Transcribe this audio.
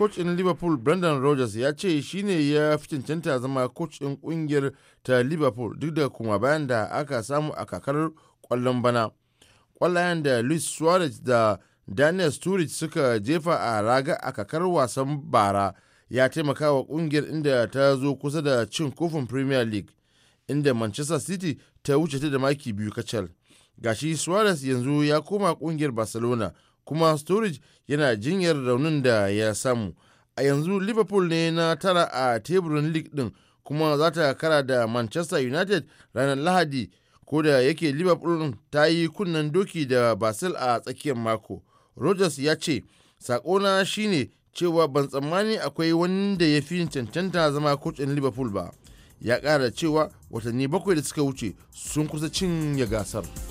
coach in liverpool brendan rodgers ya ce shine ya fi cancanta zama coach in kungiyar ta liverpool duk da kuma bayan da aka samu a kakar kwallon bana kwallayen da luis suarez da daniel sturridge suka jefa a raga a kakar wasan bara ya taimaka wa kungiyar inda ta zo kusa da cin kofin premier league inda manchester city ta wuce ta da maki biyu kacal gashi suarez yanzu ya koma kungiyar barcelona kuma sturridge yana jinyar raunin da ya samu a yanzu liverpool ne na tara a teburin league din kuma za ta kara da manchester united ranar lahadi ko da yake liverpool ta yi kunnen doki da basel a tsakiyar mako rogers ya ce sakona shine cewa ban tsammani akwai wanda ya fi cancanta zama kocin liverpool ba ya kara cewa watanni bakwai da suka wuce sun kusa cinye gasar.